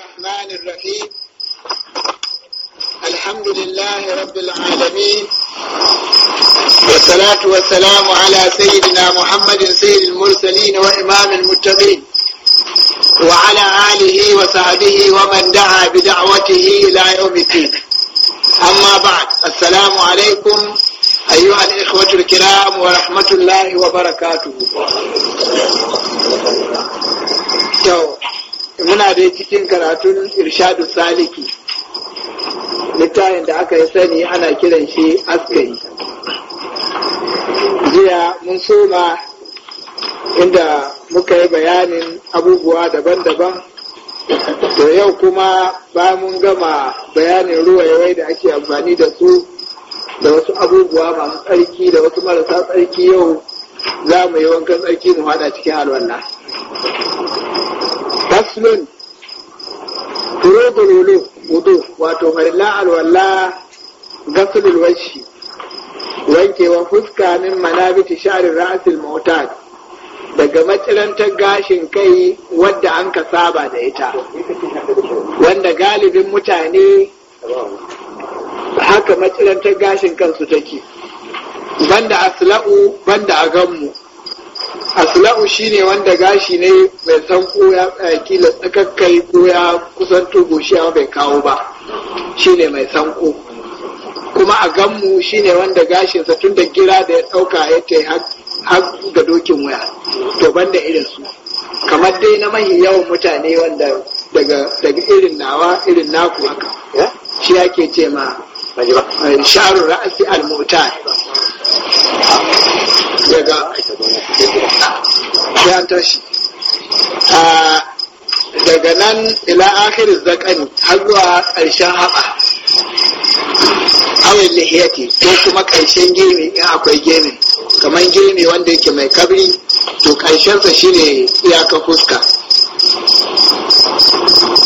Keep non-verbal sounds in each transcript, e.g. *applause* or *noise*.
الرحمن الرحيم الحمد لله رب العالمين والصلاة والسلام على سيدنا محمد سيد المرسلين وإمام المتقين وعلى آله وصحبه ومن دعا بدعوته إلى يوم الدين أما بعد السلام عليكم أيها الإخوة الكرام ورحمة الله وبركاته muna dai cikin karatun irshadu saliki littafin da aka yi sani ana kiran shi askari jiya mun soma inda muka yi bayanin abubuwa daban-daban to yau kuma ba mun gama bayanin ruwayewai da ake amfani da su da wasu abubuwa masu tsarki da wasu marasa tsarki yau za mu yi wankan tsarki mu hada cikin alwallah faslun turudul wulu wudu wato marilla alwala gasulul washi wankewa fuska min manabiti sha'rin ra'asil motar. daga matsirantar gashin kai wadda an ka saba da ita wanda galibin mutane haka matsirantar gashin kansu take banda asla'u banda a ganmu. asla'u shine wanda gashi ne mai tanko ko ya eh, kila tsakakkai ko ya kusan kusanto shi ya bai kawo ba shine mai sanko kuma a ganmu shine wanda gashinsa tun da gira da ya ɗauka ya ce har ga dokin waya to banda irin su kamar dai na mahi yawan mutane wanda daga irin nawa irin naku haka shi ke ce ma eh, sharu ra'asi al-mutar Ah, daga nan ila akhir zakani har zuwa karshen haba awin lihiyati ko kuma karshen gemi in akwai gemi kamar gemi wanda yake mai kabri to karshensa shine iyaka fuska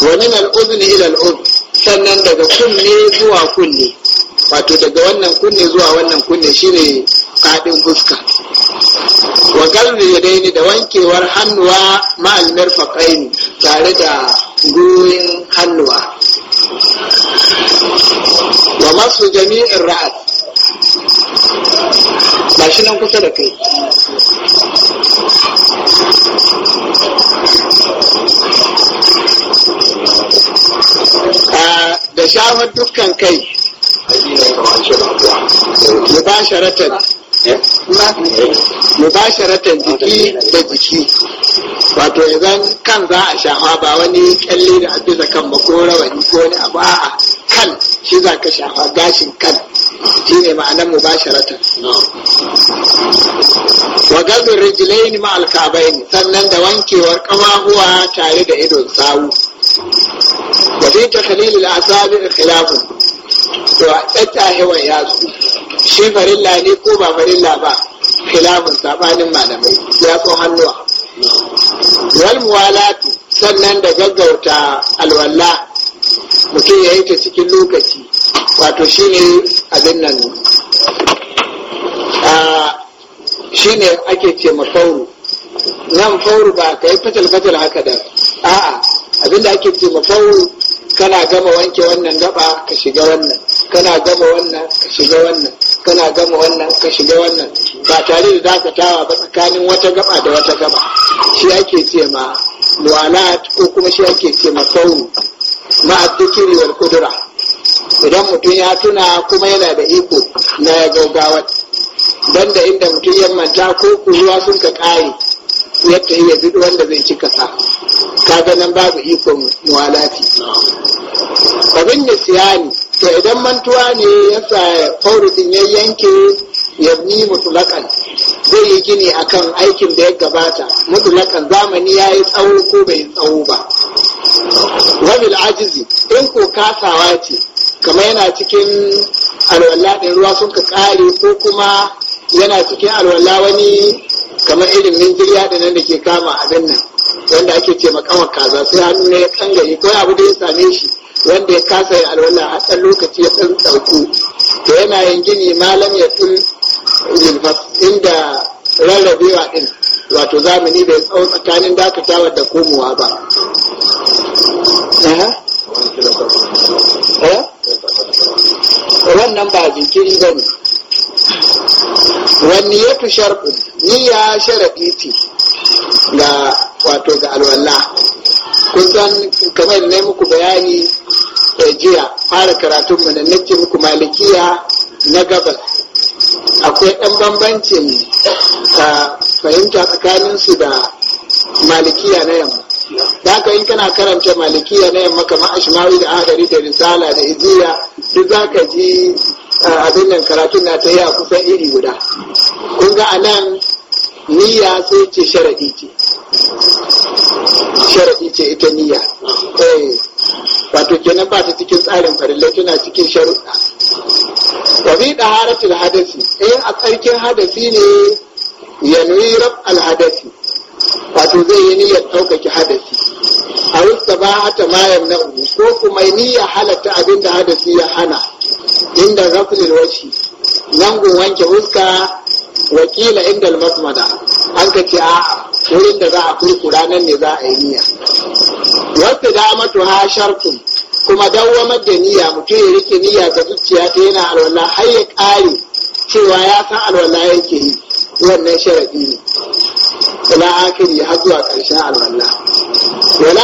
wani al'uzun ila al'uzun sannan daga kunne zuwa kunne wato daga wannan kunne zuwa wannan kunne shine fadin fuska wa galbi yadaini da wankewar hannuwa ma'al mirfaqaini tare da gurin hannuwa wa masu jami'in ra'ad ba shi nan kusa da kai ah, da shafar dukkan kai mubasharatan jiki da jiki wato idan kan za a shafa ba wani kyalle da abisa kan ko rawani ko wani abu a'a kan shi za ka shafa gashin kan shi ne ma'anar mubasharatan wa gazin rijilaini ma'al ne sannan da wankewar kamahuwa tare da idon sawu wa fi takhlil al-asabi khilafun To a cewa ya su, shi farilla ne ko ba farilla ba khilafin sabanin malamai Ya ko hannuwa wal muwalatu sannan da gaggauta alwala mutum ya yi ta cikin lokaci wato shine abin nan shine ake ce mafauru fauru nan fauru ba ka yi fatal-fatal haka da a'a abinda ake ce mafauru fauru kana gama wanke wannan gaba ka shiga wannan kana gama wannan ka shiga wannan kana gama wannan ka shiga wannan ba tare da dakatawa ba tsakanin wata gaba da wata gaba shi ake ce ma mu'alat ko kuma shi ake ce ma sauru ma'addikiri wal kudura idan mutum ya tuna kuma yana da iko na ya gaugawa Dan da inda mutum ya manta ko kuruwa sun ka kare yadda iya duk wanda zai cika sa ka ga nan babu ikon mu'alati. abin da siyani to idan mantuwa ne ya sa taurisin ya yanke ya ni mutulakan zai yi gini akan aikin da ya gabata mutulakan zamani ya yi tsawo ko bai yi tsawo ba wani ajizi in ko kasawa ce kama yana cikin alwala ɗin ruwa sun ka ƙare ko kuma yana cikin alwala wani kamar irin minjiliya da nan da ke kama abin nan wanda ake ce makawa kaza sai hannu ne ya kangare ko abu da ya same shi wanda ya kasa ya alwala a ɗan lokaci ya ɗan ɗauku to yana yin gini malam ya tun inda rarrabewa ɗin wato zamani bai tsawon tsakanin dakatawa da komowa ba eh? wannan ba jinkiri ba ne wani ya tu sharɓu ya sharaɗi ce ga wato ga alwala. kusan kamar na muku bayani da eh, jiya fara karatun mu da muku malikiya na gabas akwai ɗan bambancin ka fahimta tsakanin su da malikiya na yamma da ka in kana karanta malikiya na yamma kamar ashmawi da agari da risala da hijiya duk za ka ji abin nan karatun na ta yi a kusan iri guda kun ga anan niyya sai ce sharaɗi ce sharaɗi ce ita niyya eh, wato kenan ba ta cikin tsarin farilla tana cikin sharuɗa wa bi daharatul hadasi Eh a tsarkin hadasi ne ya nuyi rab al hadasi wato zai yi niyyar ɗaukaki hadasi a rusta ba hata na yamna ko kuma niyya halatta abin da hadasi ya hana inda ghaflil washi nan wanke huska wakila inda al masmada an ka ce a'a wurin da za a kurkura nan ne za a yi niyya wata damatu ha shartun kuma dawwamar da niyya mutum ya rike niyya ga zuciya ta yana alwala har ya kare cewa ya san alwala yake yi wannan sharadi ne ila akiri har zuwa karshen alwala wala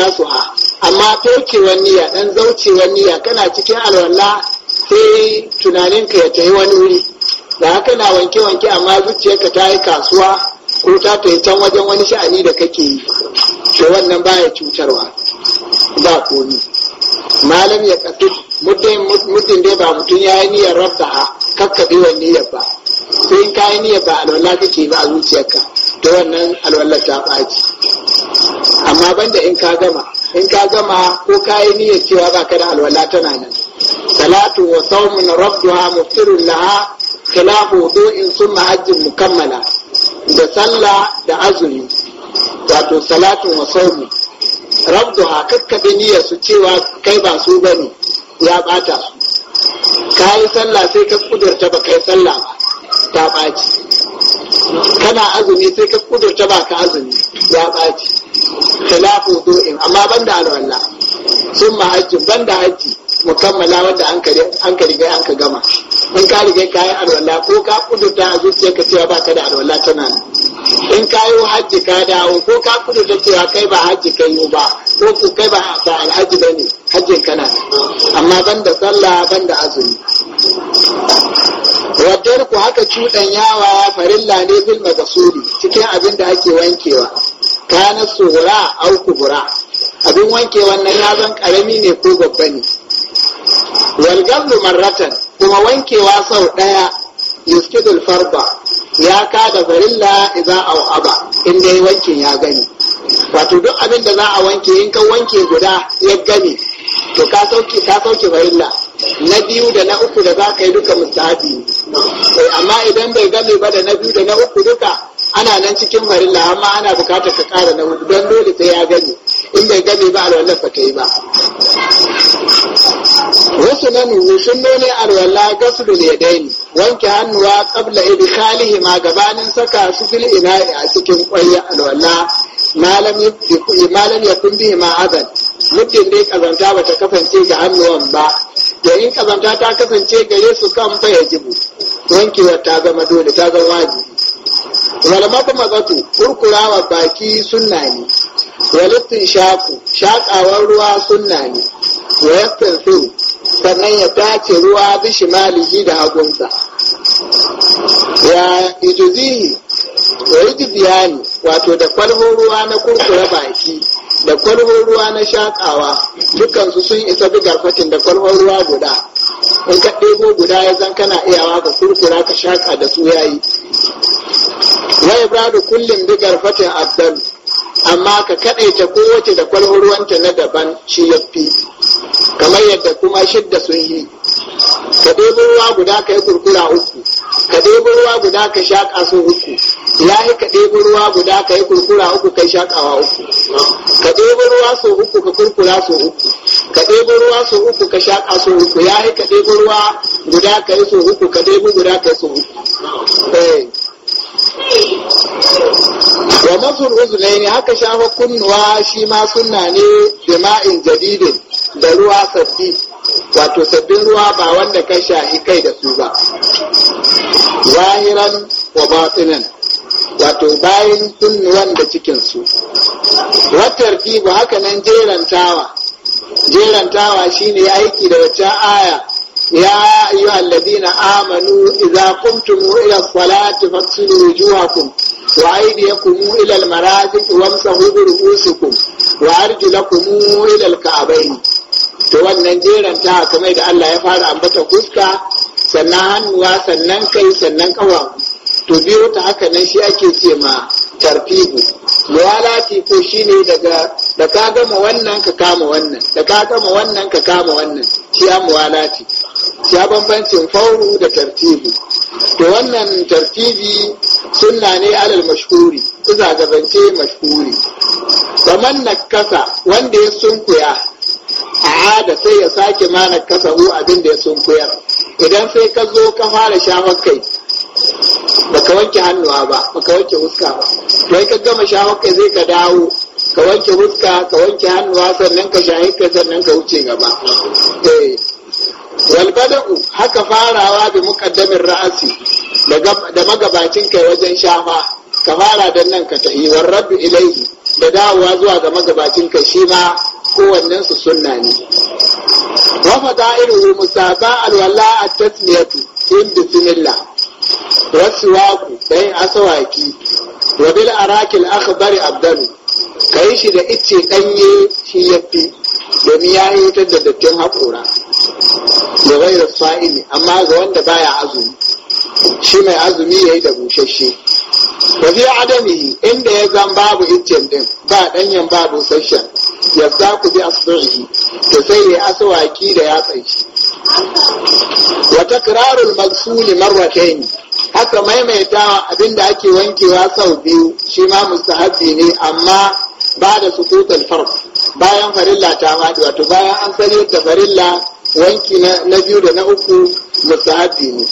ya su ha amma tokewar niyya dan zaucewar niyya kana cikin alwala sai tunaninka ya tafi wani wuri da haka na wanke-wanke amma zuciyarka ta yi kasuwa ko ta yi can wajen wani sha'ani da kake yi to wannan baya cutarwa ba komi malam ya kasu muddin dai ba mutum ya yi niyyar rabta a kakkaɓewar niyyar ba ko in ka yi niyyar ba alwala kake ba a zuciyarka to wannan alwallar ta ɓaci amma banda in ka gama in ka gama ko ka yi niyyar cewa ba ka da alwala tana nan salatu wa saumun rabduha muftirun laha do in summa hajjin mukammala da sallah da azumi wato salatun wa saumi rabdu ha kakkaɓe niyyar su cewa kai ba su bane ya bata su ka yi sallah sai ka kudurta ba kai sallah ba ta ɓaci kana azumi sai ka kudurta ba ka azumi ya ɓaci khilafu in, amma banda alwala sun mahajjin banda hajji mukammala wanda an ka riga an ka gama in ka riga ka yi alwala ko ka kudurta a ka cewa ba ka da alwala tana in ka yi hajji ka dawo ko ka kudurta cewa kai ba hajji ka yi ba ko ku kai ba ba alhaji ba ne hajjin kana amma ban da sallah ban da azumi wajen ku haka cuɗan yawa farilla ne da suri cikin abin da ake wankewa kana tsohura au kubura abin wanke wannan ya zan karami ne ko babba ne walgar marratan kuma wankewa sau ɗaya yuskidul farba ya kada barilla idza aw aba in dai wankin ya gani wato duk abin da za a wanke in ka wanke guda ya gani to ka sauke ka sauke barilla na biyu da na uku da za ka yi duka mustahabi eh, amma idan bai gane ba da na biyu da na uku duka ana nan cikin farilla amma ana bukatar ka kara na hudu don dole sai ya gani in bai gane ba alwallar ba ta yi ba Wasu rusunan sunnoni alwala gaslu ne daini wanke hannuwa qabla idkhalihi ma gabanin saka su fil ina'i a cikin kwayi alwala malam malam ya kun ma azal, muddin dai kazanta ba ta kasance ga hannuwan ba da in kazanta ta kasance ga su kan fa wanke wankewa ta zama dole ta zama wajibi walmata mazatu kurkurawa baki sunna ne walittin shaku shakawar ruwa sunna ne wa yastin sannan ya tace ruwa bishi malihi da hagunsa ya ijuzihi ya yi wato da kwalho ruwa na kurkura baki da kwalho ruwa na shakawa dukansu sun isa bugar fatin da kwalho ruwa guda in ka ɗebo guda ya zan kana iyawa ka kurkura ka shaka da su yayi ya ibradu kullum bugar fatin abdal amma ka kaɗaita kowace da kwalho ruwanta na daban shi ya fi. kamar yadda kuma shidda sun yi ka ɗebo ruwa guda ka yi kurkura uku ka ɗebo ruwa guda ka shaƙa su uku ya yi ka ɗebo ruwa guda ka yi kurkura uku ka shaƙawa uku ka ɗebo ruwa su uku ka kurkura su uku ka ɗebo ruwa su uku ka shaƙa su uku ya yi ka ɗebo ruwa guda ka yi su uku ka ɗebo guda ka yi su uku eh. wa masul uzunaini haka shafa kunnuwa shi ma sunna ne jima'in jadidin da ruwa sabbi wato sabbin ruwa ba wanda ka shahi kai da su ba zahiran wa batinan wato bayan kunnuwan da cikinsu watar ba haka nan jerantawa jerantawa shine aiki da wacce aya يا أيها الذين آمنوا إذا قمتم إلى الصلاة فاغسلوا وجوهكم وأيديكم إلى المرافق وامسحوا برؤوسكم وأرجلكم إلى الكعبين to wannan jeran ta kamar da Allah ya fara ambata fuska sannan hannuwa sannan kai sannan kawa to biyo ta haka nan shi ake ce ma tartibu muwalati ko shine daga da ka gama wannan ka kama wannan da ka gama wannan ka kama wannan shi ya muwalati ya bambancin fauru da tartibi to wannan tartibi sunna ne alal mashhuri iza gabance mashhuri faman nakasa wanda ya sunkuya a ada sai ya sake ma nakasa hu abin da ya sunkuyar idan sai ka zo ka fara shafa kai baka wanke hannuwa ba baka wanke huska ba sai ka gama shafa kai zai ka dawo ka wanke huska ka wanke hannuwa sannan ka shahi kai sannan ka wuce gaba eh walbada'u haka farawa bi muqaddamin ra'asi da magabacin kai wajen shafa, ka fara da nan ka ta'i war rabbi ilaihi da dawowa zuwa ga magabacin kai shi ma kowannen su sunna ne wa fada'ilu musaba alwala at-tasmiyatu in bismillah siwaku dai asawaki wa bil arakil akhbari abdalu kai shi da icce danye shi yafi domin ya yi da dattin haƙora da gairar sa'imi amma ga wanda baya azumi shi mai azumi ya yi da bushashe fi adami inda ya zan babu iccen din ba danyen babu sashen, ya sa ku bi asibirhi da sai ya asawaki da ya shi wa takrarul magsuli ne, haka maimaitawa abinda ake wankewa sau biyu shi ma mustahabbi ne amma ba da sukutul farko, bayan farilla ta wato bayan an san yadda farilla wanki na biyu da na uku musahabi ne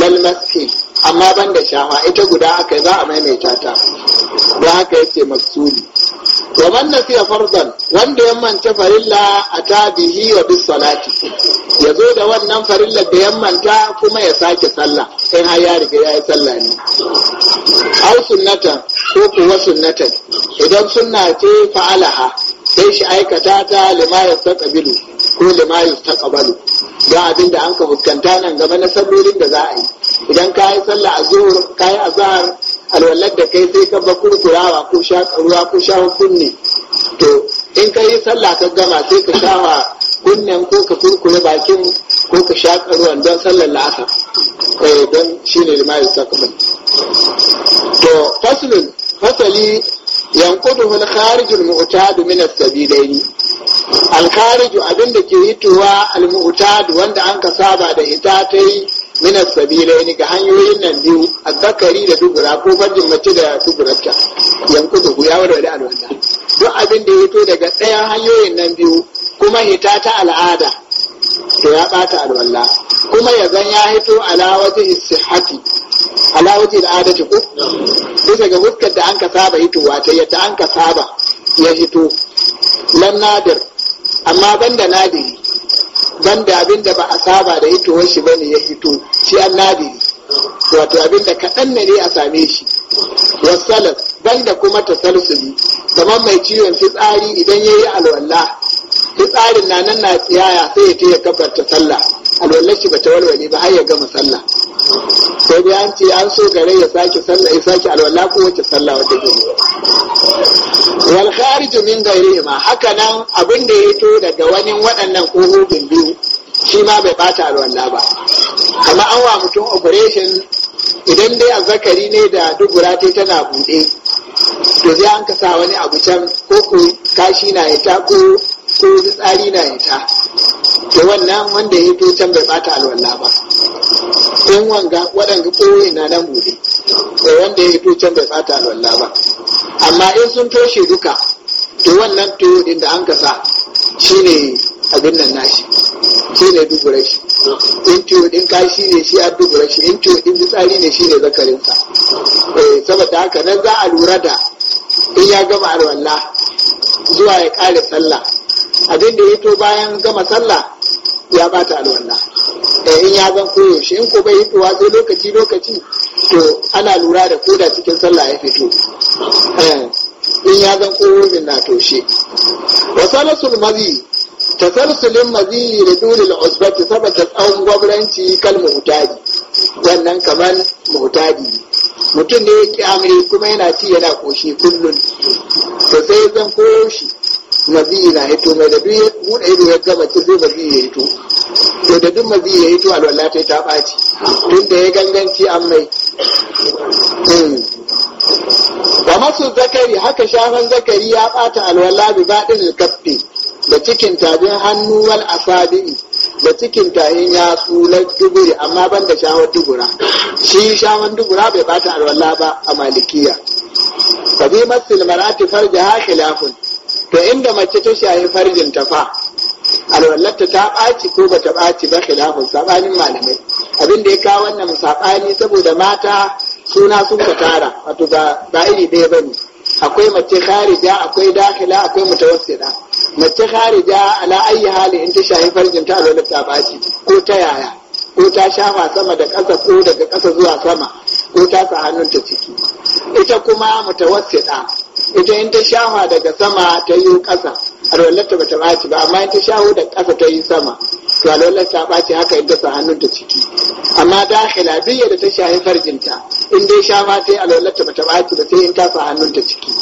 lalmaki amma ban da shafa ita guda aka za a maimaita ta don haka yake masuli wa man nafiya farzan wanda ya manta farilla a tabihi wa bis salati ya zo da wannan farilla da ya manta kuma ya sake sallah sai har ya riga ya yi sallah ne au sunnatan ko kuwa sunnata idan sunna ce fa'alaha sai shi aikata ta lima ya sa ko da ta yustaqbalu ga abin da an ka fuskanta nan game na sallolin da za a yi idan ka yi sallah azhur ka yi azhar alwalar da kai sai ka ba kurkurawa ko sha ruwa ko sha kunne to in ka yi sallah ka gama sai ka sha wa kunnen ko ka kurkure bakin ko ka sha ruwan don sallar la'asar eh don shine ta yustaqbal to faslun fasali yanqudu al kharij al mu'tad min as-sabilaini alkariju abin da ke hitowa almu'tad wanda an ka saba da ita ta yi min ne ga hanyoyin nan biyu azzakari da dubura ko farjin mace da duburarta yanku da guya wadda da alwanda duk abin da ya hito daga ɗayan hanyoyin nan biyu kuma hita ta al'ada to ya ɓata alwanda kuma ya zan ya hito ala wajen sihati ala wajen al'adati ko bisa ga huskar da an ka saba hitowa ta yadda an ka saba ya hito lan nadir amma banda nadiri banda abin da ba a saba da hitowar shi bane ya hito shi an nadiri wato abin da kaɗan ne ne a same shi wasalaf banda kuma tasalsuli kamar mai ciwon fitsari idan ya yi alwala fitsarin na nan na tsiyaya sai ya ce ya kabarta sallah alwallar shi bata walwale ba har ya gama sallah sai dai an ce an so gare ya sake sallah ya sake alwala ko wace sallah wata gari wal kharij min ma haka nan abin da ya to daga wani waɗannan kohobin biyu shi ma bai bata alwala ba amma an wa mutum operation idan dai Al-zakari ne da dubura tana buɗe to sai an kasa wani abu can ko ko kashi na ya tako sai tsari na hita da wannan wanda ya fi can bai bata alwala ba Sun wanga waɗanda ɓoye na nan buɗe da wanda ya fi can bai bata alwala ba amma in sun toshe duka to wannan to din da an kasa shine abin nan nashi shi ne dubura shi in tiyo ka shi ne shi a dubura shi in tiyo din tsari ne shi ne zakarinsa eh, saboda haka nan za a lura da in ya gama alwala zuwa ya kare sallah abin da ya to bayan gama sallah ya bata alwala eh in ya zan shi in ko bai hitowa sai lokaci lokaci to ana lura da koda cikin sallah ya fito eh, in ya zan koyaushe na toshe wa salasul mazi tasalsulin mazi da dulil usbati saboda tsawon gwabranci kal muhtadi wannan kamar muhtadi mutum ne ya kyamre kuma yana ci yana koshi kullum to sai zan koyo shi mabiyi na hito mai da duk buɗe ido ya gama ta zai mabiyi ya hito to da duk mabiyi ya hito alwala ta ta ɓaci tun da ya ganganci an mai ba hmm. masu zakari haka shafan zakari ya ɓata alwala bi baɗin kaffe da cikin tajin hannu wal asabi'i da cikin tahin ya tsula duburi amma ban da shawar dubura shi shawar dubura bai bata alwala ba a malikiya fa bi masil marati farjaha khilafun to inda mace ta shayi farjin ta fa alwallata ta ɓaci ko bata ɓaci ba khilafin sabanin malamai abin da ya kawo wannan saɓani saboda mata suna sun tara wato ba iri ɗaya bane akwai mace kharija akwai dakila akwai mutawassida mace kharija ala ayi hali in ta shayi farjin ta alwala ta baci ko ta yaya ko ta shafa sama da ƙasa ko daga ƙasa zuwa sama ko ta sa hannun ta ciki ita kuma mutawassida ita in ta shafa daga sama ta yi ƙasa alwalar ta bata ɓaci ba amma in ta shaho da ƙasa ta yi sama to alwalar ta ɓaci haka in sa hannun ta ciki amma dakila biyar da ta shahi farjinta in dai shafa ta yi alwalar ta bata ɓaci ba sai in ta sa hannun ta ciki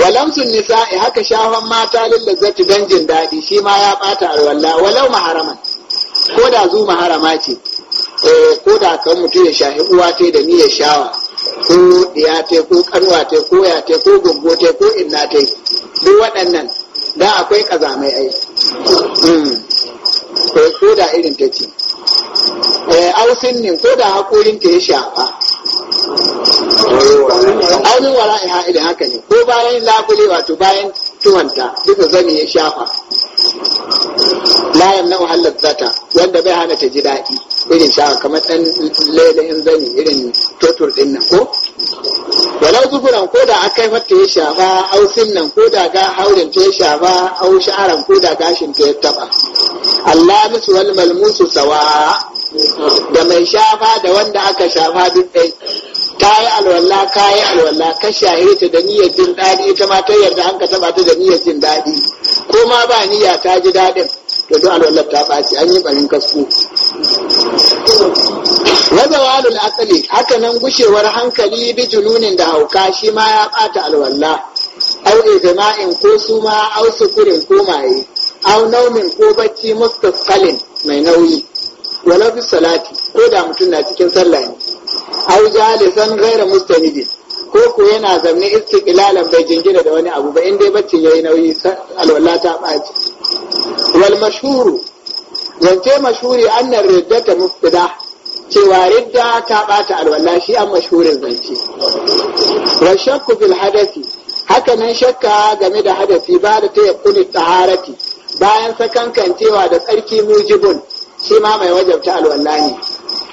walamsun nisa'i haka shafan mata lillazzati don jin daɗi shi ma ya ɓata alwala walau maharaman ko da zu maharama ce eh, ko da kan mutum ya shahi uwa ta da niyyar shawa ko ya te ko kanwa te ko ya te ko gungo te ko inna te duk waɗannan da akwai kazamai ai hmm. ko da irin ta ce eh, ausin ne ko da hakorin ta ya shafa aunin wara iha idan haka ne ko bayan labule wato bayan tuwanta duka zani ya shafa la yamna'u halal zata wanda bai hana ta ji daɗi irin sha kamar ɗan lailayin zani irin totur ɗin nan ko walau zuburan ko da aka yi mata ya shafa ausin nan ko da ga haurin ta ya shafa au sha'aran ko da gashin ta ya taba Allah musu wal malmusu sawa da mai shafa da wanda aka shafa duk ɗai ta yi alwala ka yi alwala ka shahirta da niyyar jin daɗi ita ma ta yarda an ka taba ta da niyyar jin daɗi ko ma ba niyya ta ji daɗin to duk alwallar ta ɓaci an yi ɓarin kasku wazawalul asali haka nan gushewar hankali bi jununin da hauka shi ma ya ɓata alwalla au jama'in ko suma au sukurin ko maye au naumin ko bacci mustaqalin mai nauyi wala bi salati ko da mutum na cikin sallah ne au jalisan ghaira mustanibin ko ku yana zamne istiqlalan bai jingina da wani abu ba in dai ya yayi nauyi alwala ta baci wal mashhuru zance mashhuri annar riddata mufida cewa ridda ta bata alwala shi an mashurin zance wa shakku bil hadathi haka nan shakka game da hadafi ba da ta yakuni taharati bayan sakankancewa da tsarki mujibun shi ma mai wajabta alwala ne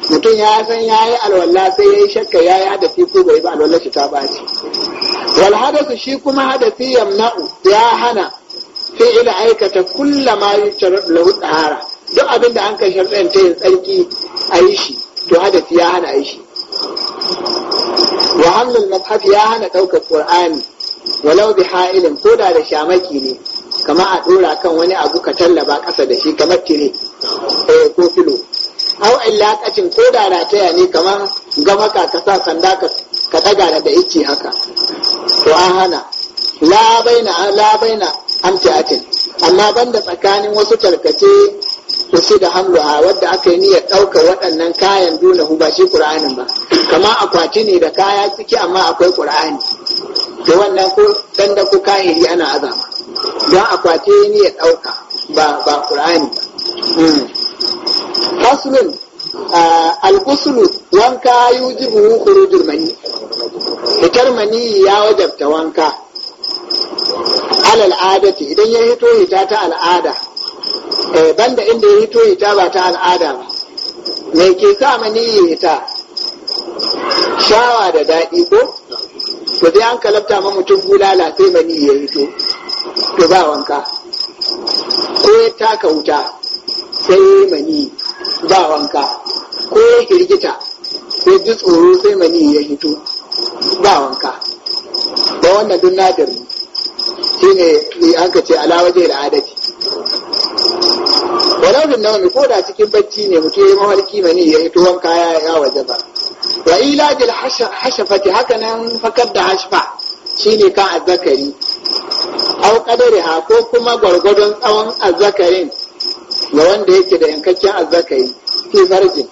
mutum ya san ya yi alwala sai ya yi shakka ya yi hadafi ko bai ba alwala shi ta ɓaci wal hadasu shi kuma hadafi yamna'u ya hana fi'ila aikata kulla ma yutarad lahu duk abin da an kai sharɗin ta yin tsarki a yi shi to hadafi ya hana a yi shi wa hamlul ya hana ɗaukar qur'ani walau bi ha'ilin ko da da shamaki ne kama a ɗora kan wani abu ka tallaba kasa da shi kamar tire eh, ko filo au illaqatin ko da rataya ne kamar gama ka sa sanda ka daga da ice haka to an hana la baina la baina amtiatin amma banda tsakanin wasu tarkace kusi da hamlu a wadda aka yi niyyar ɗaukar waɗannan kayan dole hu ba shi ƙur'anin ba kama akwati ne da kaya ciki amma akwai ƙur'ani to wannan ko ku ana azama don akwati ne ya ɗauka ba ba ƙur'ani ba hmm. al ghusl wanka yujibu khurujul mani fitar mani ya wajabta wanka alal adati idan ya hito hita ta al'ada eh, banda inda ya hito hita ba ta al'ada ba me ke sa mani ya hita shawa da dadi ko to dai an kalabta ma mutum bulala sai mani ya hito to ba wanka ko ya taka wuta sai mani ba wanka ko ya kirgita sai ji tsoro sai mani ya hito ba wanka ba wannan duk nadar shi ne an ka ce alawaje da adadi walaubin na ko da cikin bacci ne mutum ya yi mawarki mani ya hito wanka ya waje ba wa ila bil hashafati haka nan fakar da hashfa shine kan azzakari kadariha ko kuma gwargwadon tsawon azzakarin ga wanda yake da yankakken azzakari fi farji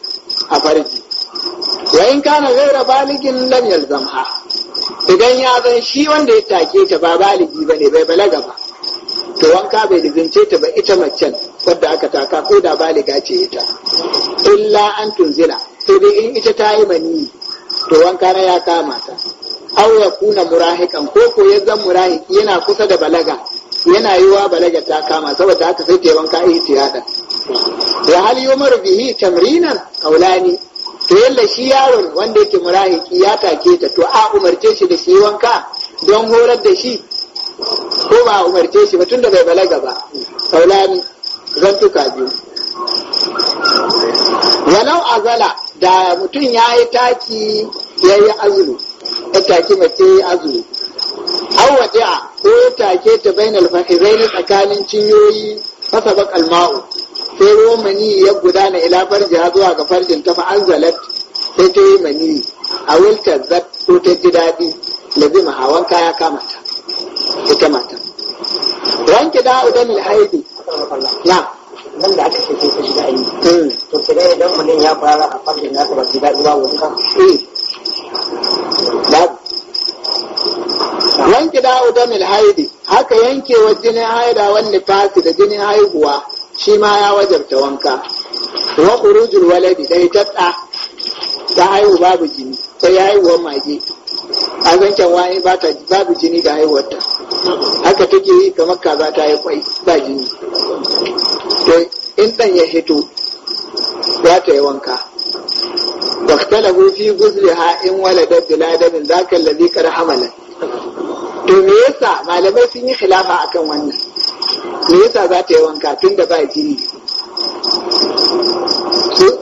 a farji wa in kana gaira baligin lam yalzamha idan ya zan shi wanda ya take ta ba baligi bane bai balaga ba to wanka bai dizince ta ba ita macen wadda aka taka ko da baliga ce ita illa an tunzila sai dai in ita ta yi mani to wanka na ya kama ta aw ya kuna murahikan ko ko ya zan murahiki yana kusa da balaga yana yiwa balaga ta kama saboda haka sai ke wanka tiyada da hal yumar bihi tamrinan kaulani to yalla shi yaron wanda yake murahiki ya take ta to a umarce shi da shi wanka don horar da shi ko ba umarce shi ba tunda bai balaga ba Zan zantuka biyu walau azala da mutum ya yi taki ya yi take take mace azumi aw wadi'a ko take ta bainal fakhirain tsakanin cinyoyi ba kalma'u sai ruwan mani ya gudana ila farjiha zuwa ga farjin ta fa anzalat sai ta yi mani a wilta zat ko ta ji daɗi lazima hawan kaya kamata ita mata wanke da'u udan alhaidi na nan da aka ce sai ta ji hmm. to sai idan mani ya fara a farjin nasa ba ji daɗi ba wanka eh. yanki da udamil haidi haka yankewa jinin haida wani fasi da jinin haihuwa shi ma ya wajabta wanka wa khurujul waladi da ita da haihu babu jini sai haihuwar mage a zancen wani babu jini da haihuwarta haka take yi kamar kaza ta yi kwai ba jini to in ɗan ya hito za ta yi wanka واختلفوا في غزلها إن ولدت بلا دم ذاك الذي قد حملت to me yasa malamai sun yi khilafa a kan wannan me yasa za ta yi wanka tun da ba jini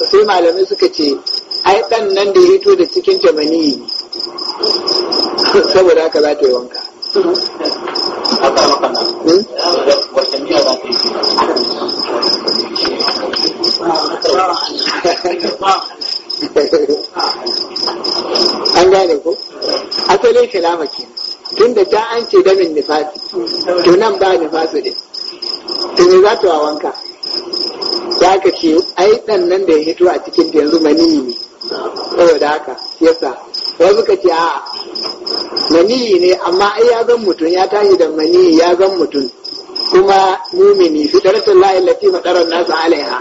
sai malamai suka ce ai ɗan nan da ya hito da cikin jamani saboda haka za ta yi wanka an gane ko asalin khilafa ke tun da ta an ce damin nifasi to nan ba nifasi ne, to ne za wanka za ka ce ai dan nan da ya hito a cikin da yanzu maniyi ne saboda haka yasa wasu ka ce a maniyi ne amma ai ya zan mutum ya tashi da maniyi ya zan mutum kuma mumini fitaratul lahi lati fadaran nasu alaiha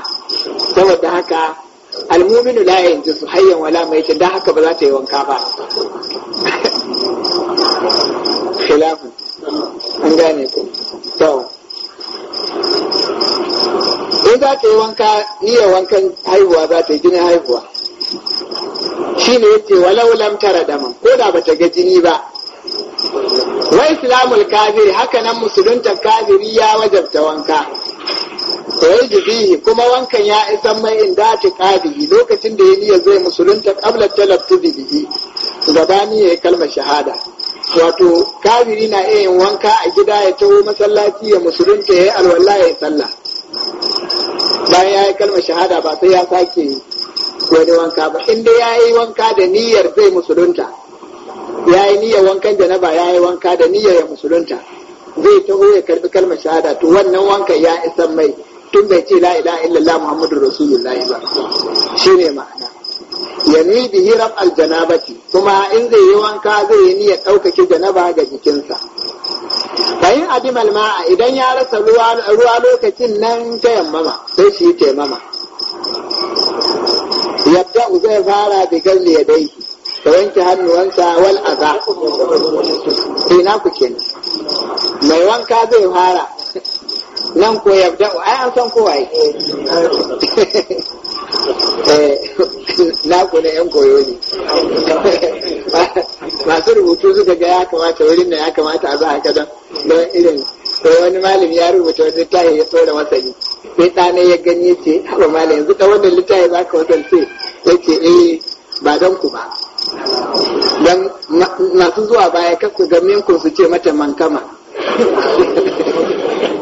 saboda haka almuminu la yanzu su hayyan wala mai ta dan haka ba za ta yi wanka ba khilafin an gane ku to in za ta yi wanka niyyar wankan haihuwa za ta yi jinin haihuwa shi ne yace walau lam tara dama ko da bata ga jini ba wa islamul kafiri haka nan musulunta kafiri ya wajabta wanka wai bihi kuma wankan ya isan mai inda ta kadi lokacin da ya niyya zai musulunta qabla talabtu bihi gabani ya kalma shahada wato kafiri na iya yin wanka a gida ya taho masallaci ya musulunta ya yi alwala ya yi sallah bayan ya yi kalmar shahada ba sai ya sake wani wanka ba inda ya yi wanka da niyyar zai musulunta ya yi niyyar wankan janaba ya yi wanka da niyyar ya musulunta zai taho ya karbi kalmar shahada to wannan wankan ya isan mai tun bai ce la ilaha illallah muhammadur rasulullahi ba ne ma'ana yani bihi rab al janabati kuma in zai yi wanka zai yi niyyar ɗaukake janaba ga jikinsa bayan adimal ma'a idan ya rasa ruwa lokacin nan ta yammama sai shi taimama yadda zai fara da galle ya dai ka wanke hannuwansa wal aza ina ku kenan mai wanka zai fara nan ko ya da ai an san kowa *laughs* eh, na ku na yan koyo ne *laughs* masu rubutu suka ga ya kamata wurin da ya kamata a za a kadan don irin ko wani malami ya rubuta wani littafi ya tsora Ni sai ɗana ya gani ya ce haɓa malam yanzu Da wannan littafi za ka wadance ya ce eh ba don ku ba don masu zuwa baya kakku ga minkun su ce mata mankama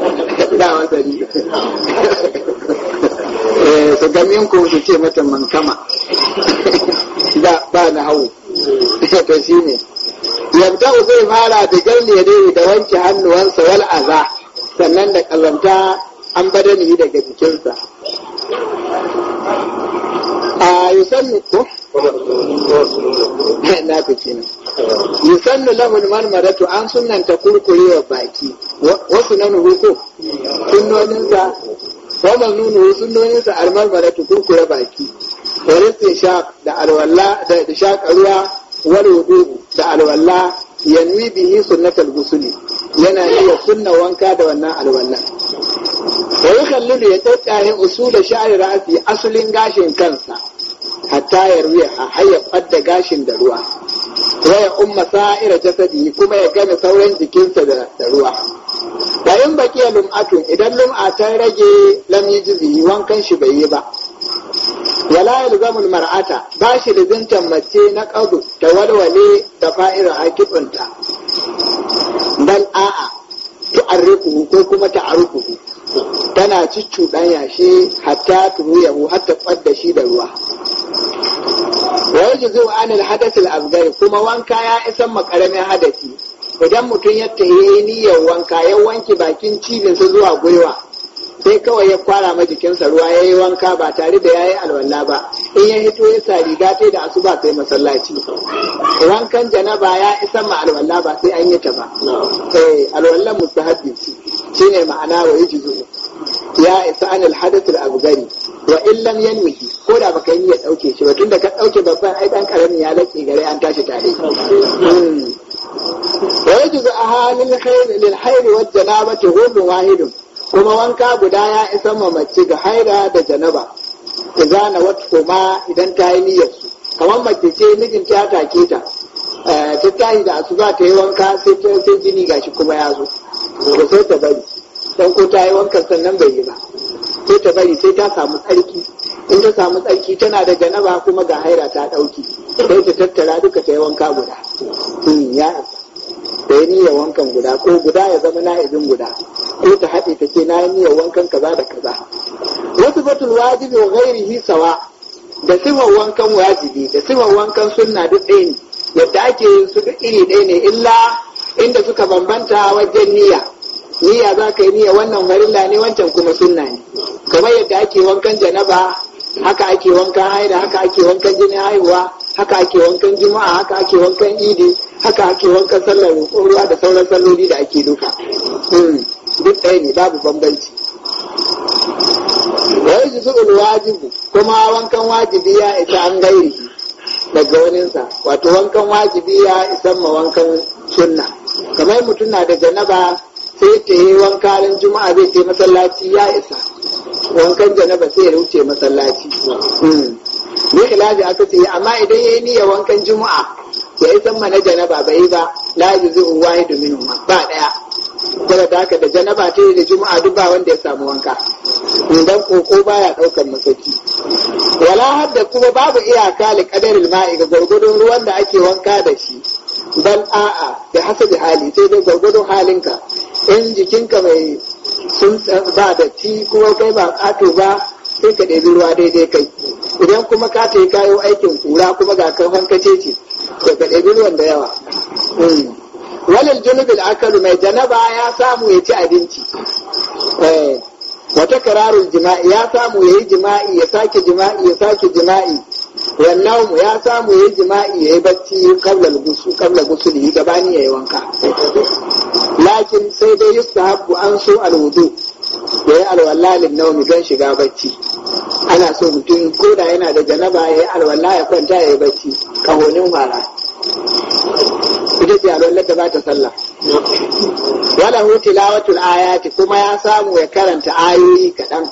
*laughs* da wasari su eh, gamin ku su ce mata man kama da ba na hau *laughs* to shi ne yabda zai fara da galle ne da wanke hannuwansa wal aza sannan da kazanta an badani daga jikinsa a yusannu ko *laughs* na fi kenan yusannu lahul marmaratu an sunanta kurkurewa baki wasu nan nuhuko sunnoninsa wannan nunu sunnoninsa almarmaratu kurkure baki walistin shaq da alwalla da shaƙa ruwa wal wudu da alwalla yanwi bihi sunnatul gusuli yana iya sunna wanka da wannan alwallan wa yukallilu ya tsakahin usula sha'ri ra'si asalin gashin kansa hatta ya ruya a hayya fadda gashin da ruwa waya umma sa'ira jasadi kuma ya gane sauran jikinsa da ruwa in baki ya lum'atun idan lum'a ta rage lamyi yi wankan shi bai yi ba wala yalzamul mar'ata ba shi zintan mace na qadu da walwale da fa'ira hakikunta dan a'a tu'arriku ko kuma ta ta'arruku tana ɗan yashe, hatta tuhu yahu hatta da shi da ruwa wa yajzu anil hadath al kuma wanka ya isan makaramin hadasi idan mutum ya tayi niyyar wanka ya wanke bakin cibinsa zuwa gwiwa sai kawai ya kwara ma jikinsa ruwa ya yi wanka ba tare da ya yi alwala ba in ya hito ya sa riga sai da asuba sai masallaci wankan janaba ya isa ma alwala ba sai an yi ta ba eh alwala mustahabbi shine ma'ana wa yajzu ya isa anil hadath al wa illam yanwihi ko da baka yi niyyar dauke shi ba tunda ka dauke babban ai dan karamin ya lake gare an tashi tare hmm. wa yajuzu ahalil khair lil hayr wa janabati hulun wahidun kuma wanka guda ya isa ma mace ga haira da janaba idan na kuma idan ta yi niyyar su kamar mace ce mijin ta take ta eh, ta tashi da asuba ta yi wanka sai ta sai jini gashi kuma yazo, zo sai ta bari dan ko ta yi wankan sannan bai yi ba sai ta bari sai ta samu tsarki in ta samu tsarki tana da janaba kuma ga haira ta ɗauki sai ta tattara duka ta wanka guda hmm, ya ta yi niyyar wankan guda ko guda ya zama na'ibin guda ko ta haɗe ta ce na yi niyyar wankan kaza da kaza wasu batul wajibi wa gairi hisawa da sifar wankan wajibi da sifar wankan sunna duk ɗaya ne yadda ake yin su duk iri ɗaya ne illa inda suka bambanta wajen niyya niyya za ka yi niyya wannan farilla ne wancan kuma sunna ne kamar yadda ake wankan janaba haka ake wankan haida haka ake wankan jini haihuwa haka ake wankan juma'a haka ake wankan idi haka ake wankan sallar ruwa da sauran salloli da ake duka hmm, duk ɗaya ne babu bambanci wai su su'ul wajibu kuma wankan wajibi ya isa an gairi daga waninsa wato wankan wajibi ya isan ma wankan sunna kamar mutum na da janaba sai ta yi wanka ran juma'a zai ce masallaci ya isa wankan janaba sai ya wuce masallaci hmm. ne ilaji aka ce amma idan ya yi niyyar wankan juma'a ya yi zama na janaba bai ba la yuzu wahidu minhu ba daya kuma da haka da janaba ta yi da juma'a duk ba wanda ya samu wanka idan koko baya daukar masaki wala hadda kuma babu iyaka li ma'i ga gurgudun ruwan da ake wanka da shi bal a'a da haka da hali sai dai gwargwadon halinka in jikinka mai sun ba da ci kuma kai ba kato ba sai ka ɗebi ruwa daidai kai idan kuma ka ta yi kayo aikin kura kuma ga kan hankace ce to ka ɗebi ruwan da yawa hmm. walil junubil akalu mai janaba ya samu ya ci abinci eh, wata kararul jima'i ya samu ya yi jima'i ya sake jima'i ya sake jima'i wannan ya samu ya jima'i ya yi bacci kabla gusu kabla gusu ne gabani ya yi wanka lakin sai dai habbu an so alwudu ya yi alwala lin naumi don shiga bacci ana so mutum ko da yana da janaba ya yi alwala ya kwanta ya yi bacci kahonin fara ita ce alwallar da ba ta sallah wala hu tilawatul ayati kuma ya samu ya karanta ayoyi kaɗan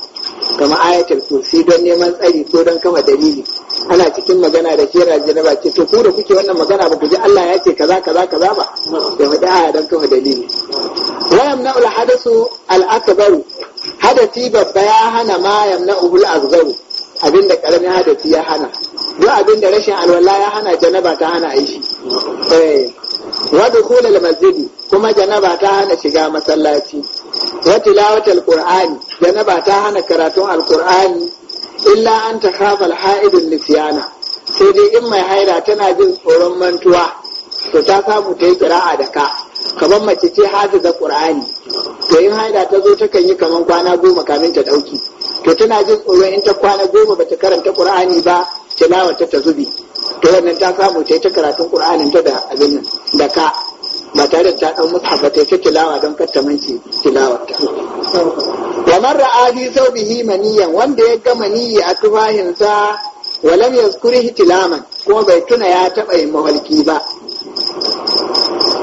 ga ayatul kursi don neman tsari ko don kama dalili ana cikin magana da kera ji na to ku da kuke wannan magana ba ku ji Allah ya ce kaza kaza kaza ba da faɗi a dan kafa dalili wa yamna'u al-hadathu al-akbaru hadati babba ya hana ma yamna'u al-azgaru abinda karamin hadati ya hana duk abinda rashin alwala ya hana janaba ta hana aishi eh. wa dukhul al-masjid kuma janaba ta hana shiga masallaci wa tilawatul qur'ani janaba ta hana karatun al-qur'ani illa an ta kafal ha'idin nisiyana sai dai in mai haida tana jin tsoron mantuwa to ta samu ta yi kira'a da ka kamar mace ce da ƙur'ani. to in haida ta zo ta yi kamar kwana goma kamin ta ɗauki, to tana jin tsoron in ta kwana goma ba ta karanta ƙur'ani ba tilawa ta ta zubi to wannan ta samu ta yi ta karatun ƙur'anin ta da abin da ka ba tare da ta dan mutu ba ta yi tilawa don kar ta manci ta wa man ra'a fi maniyan wanda ya ga maniyi a tufahinsa lam yazkurihi tilaman ko bai tuna ya taba yin mawalki ba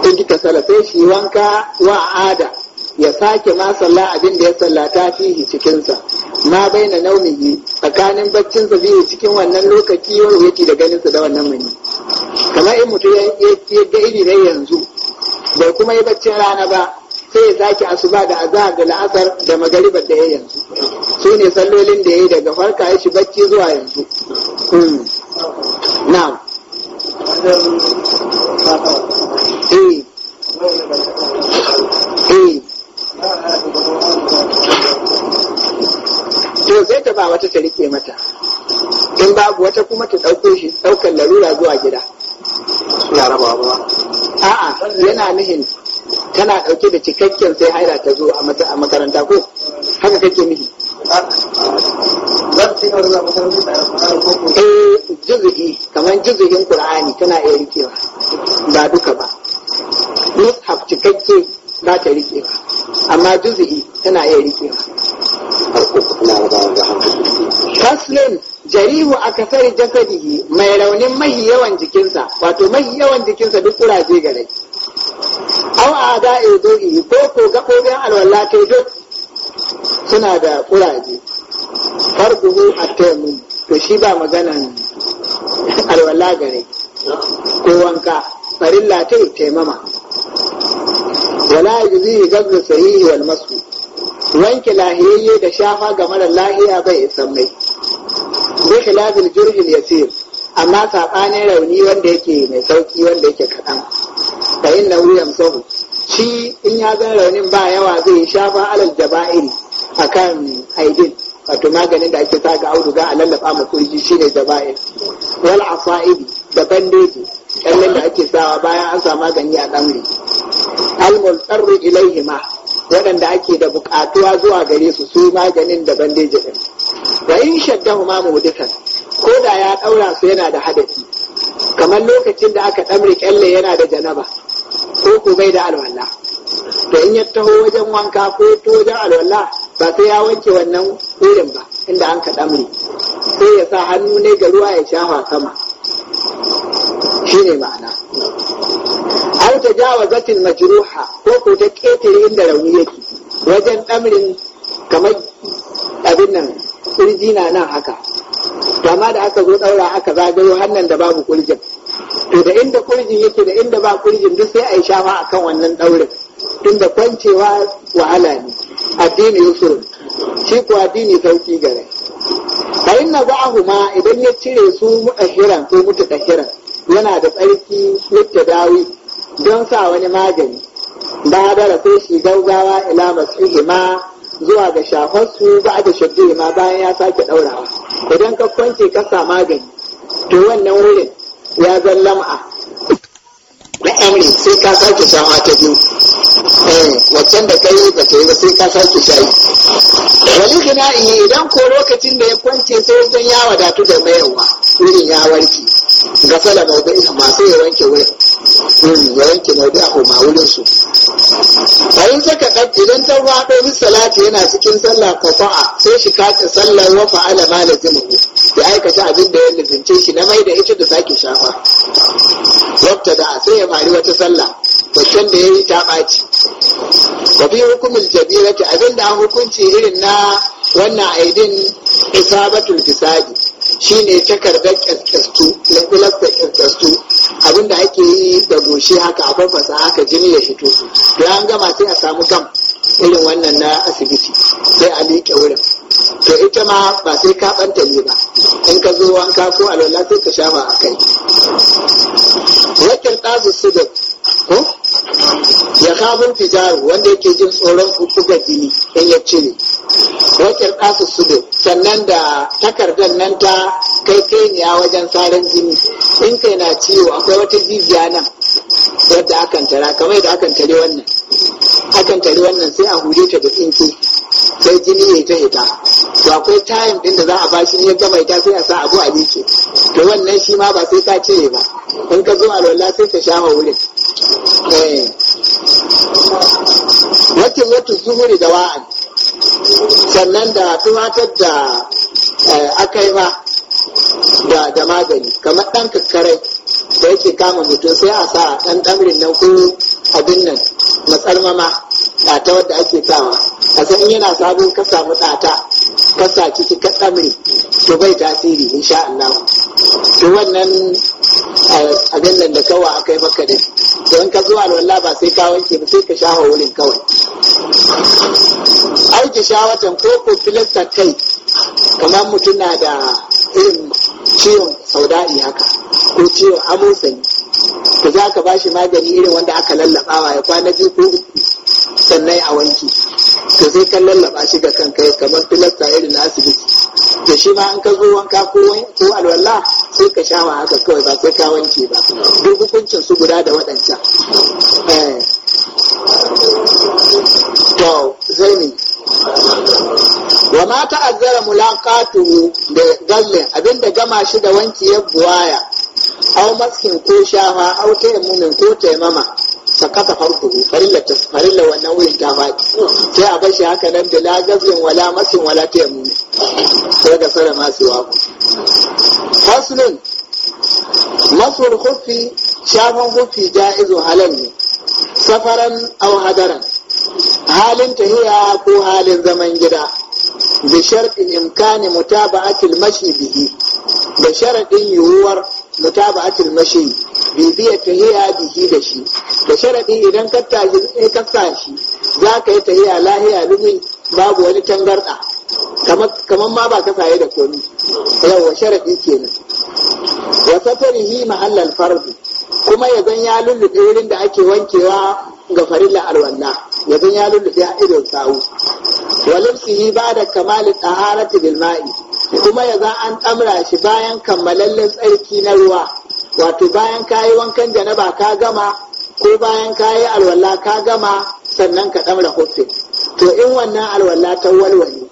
in kasala sai shi wanka wa ada ya sake ma sallah abin da ya sallata fihi cikinsa ma baina na naumihi tsakanin baccinsa biyu cikin wannan lokaci wani yake da ganinsa da wannan mani kamar in mutum ya ga iri na yanzu bai kuma yi baccin rana ba sai ya sake asuba da azahar da la'asar da magaribar da ya yanzu su ne sallolin da ya yi daga farka ya shi bacci zuwa yanzu hmm. na eh. eh. to sai ta ba wata ta rike mata in babu wata kuma ta ɗauko shi ɗaukar larura zuwa gida ya a'a yana nihin tana ɗauke da cikakken sai haira ta zo a makaranta ko haka kake nihi eh juzu'i kamar juzu'in qur'ani tana iya rikewa ba duka ba mushaf cikakke ba ta rikewa amma jizgi tana iya rikewa faslin jarihu a kasar jasadihi mai raunin mahi yawan jikinsa wato mahi yawan jikinsa duk kuraje gare au a da dogi ko ko gaɓoɓin alwala kai duk suna da kuraje farduhu a taimu to shi ba maganan alwala rai ko wanka farilla ta taimama wala yuzi yi sahihi wal masu wanke lahiyayye da shafa ga mara lahiya bai isan mai zai filazil jirgin ya ce amma saɓanin rauni wanda yake mai sauki wanda yake kaɗan da yin nauyin sahu shi in ya zan raunin ba yawa zai yi shafa alal jaba'iri a kan aidin wato maganin da ake saka auduga a lallafa ma kurji shine jaba'ir wal asa'ibi da bandeji kyallin da ake sawa bayan an sa magani a ɗamri al multsarru ilaihima waɗanda ake da buƙatuwa zuwa gare su su maganin da bandeji ɗin wa in shaddahu ma mudikan ko da ya ɗaura su yana da hadafi kamar lokacin da aka ɗamri kyalle yana da janaba ko ku bai da alwala to in ya taho wajen wanka ko to wajen alwala ba sai ya wanke wannan irin ba inda an ka ɗamri sai ya sa hannu ne ga ruwa ya shafa sama shine ma'ana Har ta aw tajawazatil majruha ko ko ta ketare inda rauni yake wajen ɗamrin kamar abin nan kurji na nan haka amma da aka zo ɗaura aka zagayo hannun da babu kurjin to da inda kurjin yake da inda ba kurjin duk sai a yi shafa akan wannan ɗaurin, tunda kwancewa wahala ne addini yusuf shi ko addini sauki gare fa inna ba'ahuma idan ya cire su mutahiran ko mutadahiran yana da tsarki littadawi don sa wani magani ba da rafe shi gaugawa ila masu ma zuwa ga shahonsu ba da shabdi ma bayan ya sake daurawa idan ka kwance ka sa magani to wannan wurin ya zan lam'a na amri sai ka sake shafa ta biyu eh, waccan da kai ba ta yi ba sai ka sake shayi wani gina'i idan ko lokacin da ya kwance sai zan ya wadatu da mayarwa wurin ya warke ga salama ga isa masu ya wanke wurin ya yanke a koma wurin su yin saka ɗan idan ta faɗo bi salati yana cikin sallah ka sai shi kasa sallar wa fa'ala ma lazimu ya aikata abin da ya lizince shi na mai da ita da sake shafa wata da sai ya mari wata sallah bakin da ya yi ta ɓaci ka bi hukumin jabirati abin da an hukunci irin na wannan aidin isabatul fisadi Shi shine takardar kyarkyarki lagular da kyarkyarki abinda ake yi da goshi haka a fasa haka jini ya fito da an gama sai a samu gam irin wannan na asibiti sai a liƙe wurin to ita ma ba sai ka ɓanta ne ba in ka zo wanka ko alwala sai ka shafa a kai wakil ɗazu su ko ya kafin tijaru wanda yake jin tsoron fukugar jini in ya cire wakil kasu sudu sannan da takardar nan ta kai a wajen tsarin jini in kai na ciwo akwai wata jijiya nan wadda akan tara kamar da akan tare wannan sai a hudu ta da tsinke sai jini ya ta hita to akwai tayin din da za a bashi ne ya gama ita sai a sa abu a liki to wannan shi ma ba sai ka cire ba in ka zo alwala sai ka shafa wurin eh. wakin wata zuhuri da wa'an sannan da tumatar da eh, aka yi ma da magani kamar ɗan kakkarai da yake kama mutum sai a sa ɗan ɗamrin nan ko abin nan matsalmama ɗata wadda ake sawa a san yana sabon kasa samu ɗata ka sa ciki ka tsamri to bai tasiri insha Allah to wannan eh, a nan da kawa akai maka da don ka zuwa alwala ba sai ka wanke ba sai ka sha wurin kawai ki sha watan ko ko filasta kai kamar mutum na da irin ciwon saudari haka ko ciwon amosani ka za ka bashi magani irin wanda aka lallabawa ya kwana biyu ko uku sannan a wanki ka sai ka lallaba shi ga kanka kamar filasta irin na asibiti da shi ma an ka zo wanka ko ko alwala sai ka sha wa haka kawai ba sai ka wanke ba duk hukuncin su guda da waɗancan eh. to zai ne wa ma ta'azzara mulaqatuhu da galle abinda gama shi da wanki ya buwaya aw matsin ko shafa aw taimumin ko taimama sakata farko farilla ta farilla wannan wurin ta faɗi sai a bashi haka nan da lagazin wala matsin wala taimumin sai da sara masu waku faslin masul hufi shafan hufi ja'izu halal ne safaran aw hadaran halin tahiya ko halin zaman gida da sharɗin imkani mutaba'atil mashi bihi da sharaɗin yiwuwar mutaba'atul mashi bibiyar tahiya bihi da shi da sharadi idan ka tashi shi za ka yi tahiya lahiya lumi babu wani tangarda kamar ma ba ka saye da komi yawa sharadi kenan wa satarihi mahallal fardu kuma ya zan ya lullube wurin da ake wankewa ga farilla alwanna ya zan ya lullube a idon sawu wa bada ba da kamalin taharati bil kuma ya za an ɗamra shi bayan kammalallen tsarki na ruwa wato bayan kayi wankan janaba ka gama ko bayan kayi yi alwala ka gama sannan ka ɗamra hufin to in wannan alwala ta walwale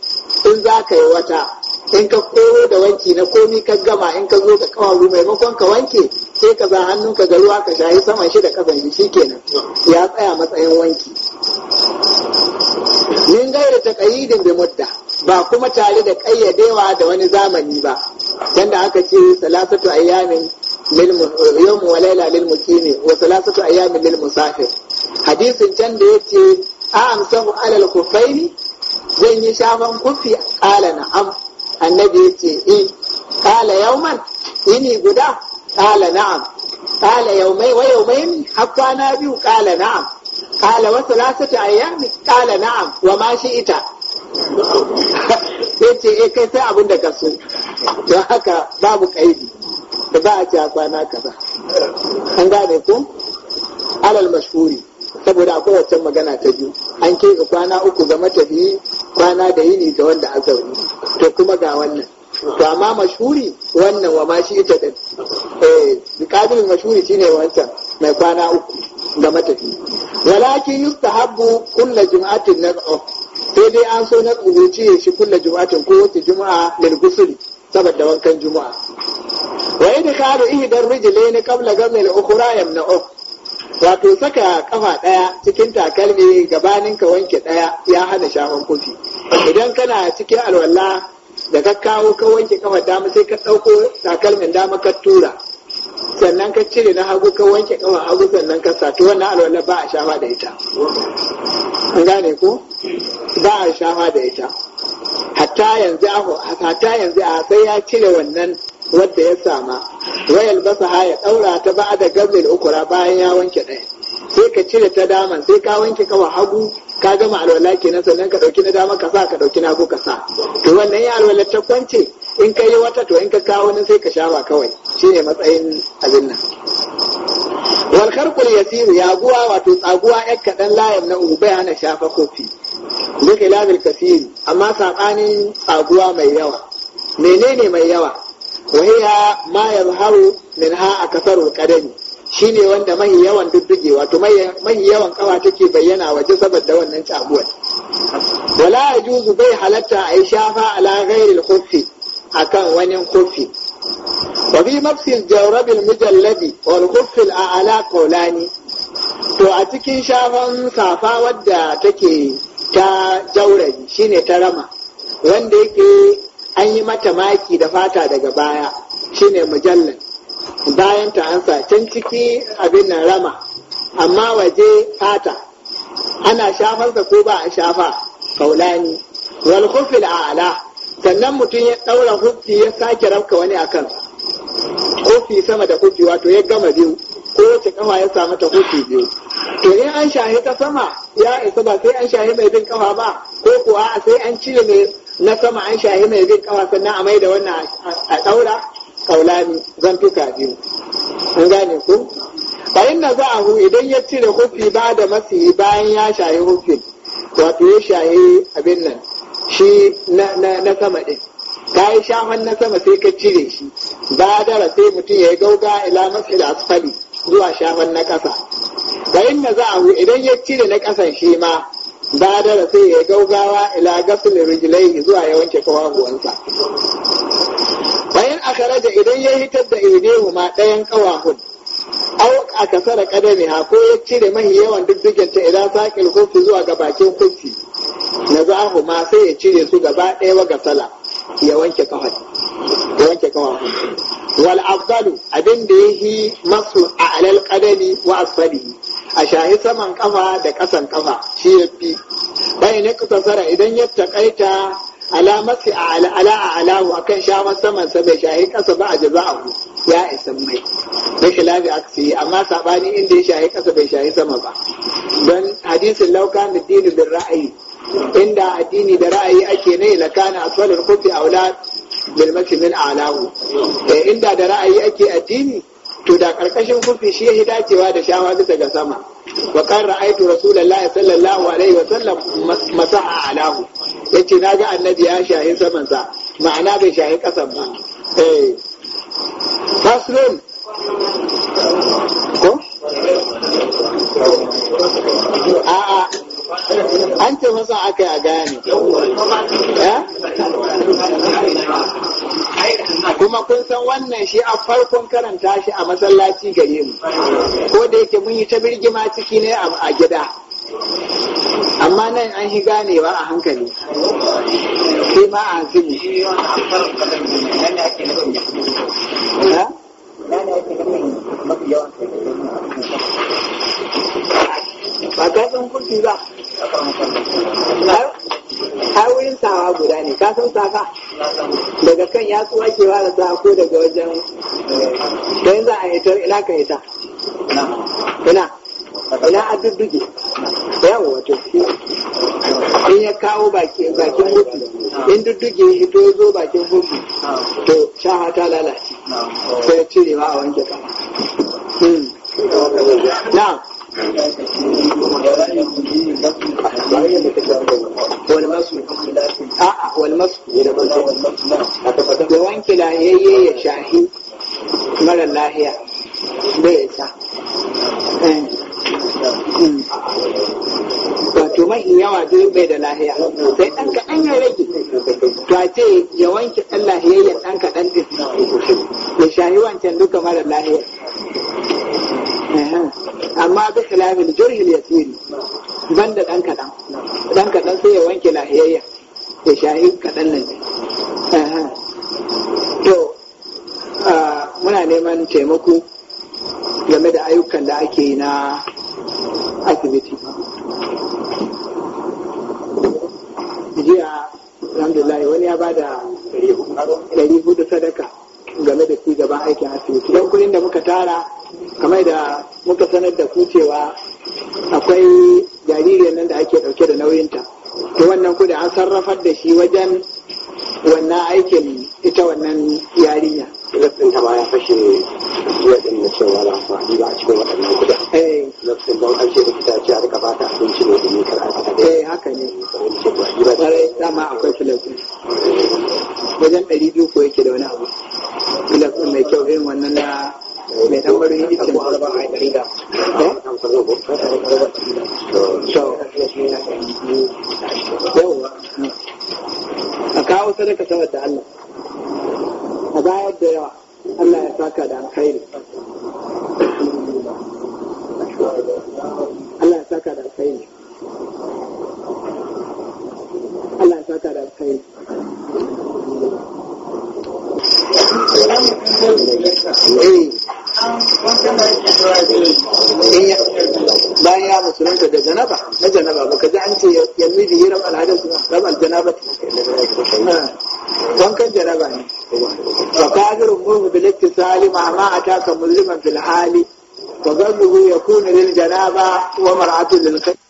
in za ka yi wata in ka koro da wanki na komi ka gama in ka zo ka kawaru maimakon ka wanke sai ka za hannunka ga ruwa ka shayi saman shi da kasan shi kenan ya tsaya matsayin wanki min gaira taqayyidin bi mudda ba kuma tare da ƙayyadewa da wani zamani ba yadda aka ce salasatu ayyamin yawmu wa laila lil muqimi wa salasatu ayyamin lil musafir hadisin can da yace a amsahu alal kuffaini zan yi shafan kufi kala na'am annabi yace in kala yi ini guda kala na'am kala mai wa yaumain hakka na biyu kala na'am kala wa salasatu ayyamin kala na'am wa ma shi'ita sai ce eh kai sai abin da ka so don haka babu kaidi da za a ci a kwana kaza an gane ku alal mashhuri saboda akwai waccan magana ta biyu an keɓe kwana uku ga matafi kwana da yini ga wanda a wuni to kuma ga wannan to amma mashhuri wannan wa ma shi ita da eh bikadin mashhuri shine wancan mai kwana uku ga matafi walakin yustahabbu kullu jum'atin nad'u sai dai an so na tsuhuci ya shi kulla juma'atin ko wace juma'a lil gusuli saboda wankan juma'a wa idkhalu ihdar kabla qabla gamil na ok wato saka kafa ɗaya, cikin takalmi gabanin ka wanke daya ya hana shafan kofi idan kana cikin alwala da ka kawo ka wanke kafa dama sai ka dauko takalmin dama ka tura sannan ka cire na hagu ka wanke kafa hagu sannan ka sa to wannan alwala ba a shafa da ita an gane ko ba a shafa da ita hatta yanzu hatta a sai ya cire wannan wadda ya sama wayal basa ha ya daura ta ba da gablil ukura bayan ya wanke ɗaya sai ka cire ta daman sai ka wanke kawa hagu ka gama alwala kenan sannan ka dauki na dama ka sa ka dauki na ka sa to wannan ya alwala ta kwance in ka yi wata to in ka kawo nan sai ka shafa kawai shine matsayin abin nan wal kharqul yasir yaguwa wato tsaguwa yak kaɗan layan na ubai hana shafa kofi bi khilafil kafiri amma saɓanin tsaguwa mai yawa menene mai yawa wahiya ma yazharu minha ne, shi ne wanda mahi yawan dudduge wato mahi yawan kawa take bayyana waje saboda wannan tsaguwar wala bai halatta a yi shafa ala kofi a kan wani kofi. wa bi mafsil mijalladi mujalladi wal a a'la qawlani to a cikin shafan safa wadda take ta jaurayi shine ta rama wanda yake an yi mata maki da fata daga baya shine mujallar bayan ta ansa can ciki abin nan rama amma waje fata ana shafarsa ko ba a shafa kaulani wal khufil a'la sannan mutum ya daura hufi ya sake rafka wani akan kofi sama da kofi wato ya gama biyu ko wace kafa ya samu ta kofi biyu to in an shahi ta sama ya isa ba sai an shahi mai bin kafa ba ko kuwa sai an cire mai na sama an shahi mai bin kafa sannan a mai da wannan a daura kaulani tuka biyu an gane ku fa inna za'ahu idan ya cire hufi ba da masi bayan ya shahi hufi wato ya shahi abin nan shi na sama din ka yi shafan na sama sai ka cire shi ba dara sai mutum ya yi gauga ila da asfali zuwa shafan na kasa. fa za hu, idan ya cire na kasan shi ma da sai ya gaugawa ila gasul rijlaihi zuwa ya wanke kawahuwansa bayan akharaja idan ya hitar da idihu ma ɗayan kawahun aw kadami ha ko ya cire man yawan diddigen ta ila saqil kufi zuwa ga bakin kufi na hu ma sai ya cire su gaba ɗaya wa gasala ya wanke kawai ya wanke kawahun wal afdalu abin da yahi masu a alal qadami wa asfalihi a shayi saman kafa da ƙasan kafa shi ya fi bai ne kutasara idan ya takaita alamasi a ala a alahu akan shagon saman sa bai shayi ƙasa ba a jaza'ahu ya isa mai da khilafi aksi amma sabani inda ya shayi ƙasa bai shayi sama ba don hadisin lauka da dini bin ra'ayi inda addini da ra'ayi ake ne lakana asfalul khufi aula bil makimin alahu eh, inda da ra'ayi ake addini to da karkashin kufi shi ya dacewa da shawa bisa ga sama wa kan ra'aitu rasulullahi sallallahu alaihi wa sallam masaha alahu yace ga annabi ya shahi saman sa ma'ana bai shahi kasan ba eh faslun ko a'a an ce masa aka a gane eh? kuma kun san wannan shi a farkon karanta shi a masallaci gare mu ko da yake mun yi ta birgima ciki ne a gida amma nan an shi ganewa a hankali sai ma a hankali ba ka san kurfi ba har wurin sawa guda ne ka san saka daga kan ya tsuwa ke wara sa ko daga wajen don za a hitar ina ka hita ina ina a dudduge yawa wato in ya kawo bakin hudu in dudduge ya hito zo bakin hudu to shaha ta lalace sai ya cire a wanke sama hmm. na a'a walmasu da wanke lahiyayye ya shahi mara lahiya da ya sa wato mai yawa duk bai da lahiya sai ɗan kaɗan ya rage to a ce ya wanke ɗan lahiyayyen ɗan kaɗan ɗin ya shahi wancan duka mara lahiya amma bi khilafin jurhil yasiri da dan kadan dan kadan sai ya wanke lahiyayya ya shahi kadan nan to muna neman taimako game da ayyukan da ake yi na asibiti jiya alhamdulillah wani ya bada ɗari hudu sadaka game da ci gaban aikin asibiti don kudin da muka tara kamar da muka sanar da ku cewa akwai jaririyar nan da ake ɗauke da nauyinta to wannan kuda an sarrafar da shi wajen wannan aikin ita wannan yarinya lafin ta baya fashe jiya ɗin da cewa ba amfani ba a cikin waɗannan kuɗa eh. lafin don an ce likita ce a rika ba ta abinci ne domin kar a ta eh haka ne tsarai dama akwai filafin wajen ɗari biyu ko yake da wani abu filafin mai kyau irin mai dan barin a eh? kawo sadaka saboda Allah ذاك ملزما في الحال تظنه يكون للجنابة ومرأة للخير